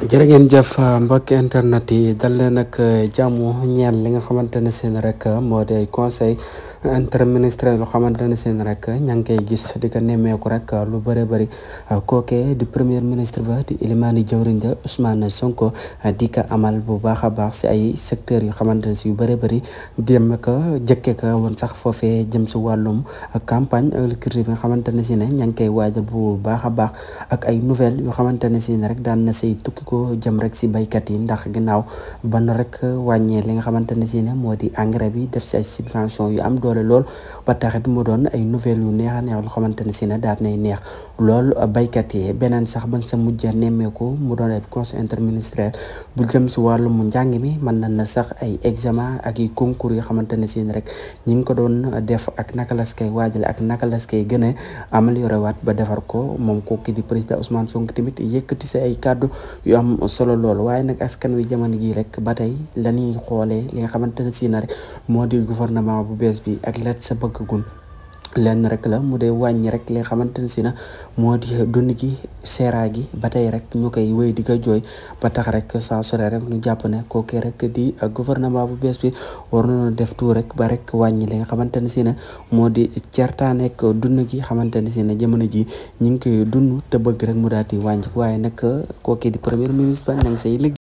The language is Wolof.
jërë ngeen jëf mbokk internet yi dal leen ak jàmm ñeel li nga xamante ne seen rek moo di conseil interministériel lu xamante ne seen rek ña ngi koy gis di ko nemmeeku rek lu bëri bëri kooke di premier ministre ba di Elimani jawriñ ja Ousmane Sonko di ko amal bu baax a baax si ay secteurs yu xamante si yu bëri bëri dem ko jëkke ko woon sax foofee jëm si wàllum campagne agriculture bi nga xamante ne si ne ña ngi koy waajal bu baax a baax ak ay nouvelles yu xamante ne si ne rek daan na say tukki ko jëm rek si baykat yi ndax gannaaw ban rek wàññee li nga xamante ne si ne di engrais bi def si ay subvention yu am doole lool ba taxit mu doon ay nouvelle yu neex a neex loo xamante ne si ne daal nay neex lool eh, baykat yi beneen sax ban sa mujjee nemmeeku mu doon ay conseil interministériel bu jëm si wàllum njàng mi mën nañ na sax ay examen ak i concours yoo ya xamante ne rek ñi ngi ko doon eh, def ak naka las koy waajale ak naka las koy gën a amal yorewaat ba defar ko moom kooku di président Ousmane Sonko tamit yëkkati si ay kàddu yu solo loolu waaye nag askan wi jamono jii rek ba tey la ñuy xoolee li nga xamante ne si na rek moo di gouvernement bu bees bi ak la sa bëgg gun lenn rek la mu dee wàññi rek li xamante ne si na moo di dund gi seeraa gi ba tey rek ñu koy wéy di ko jooy ba tax rek saa sore rek ñu jàpp ne kooku rek di gouvernement bu bees bi war nañoo def tout rek ba rek wàññi li nga xamante ne si na moo di nekk dund gi xamante ne si na jamono ji ñu ngi koy dund te bëgg rek mu daal di waaye nag kooku di premier ministre ba nang say liggéey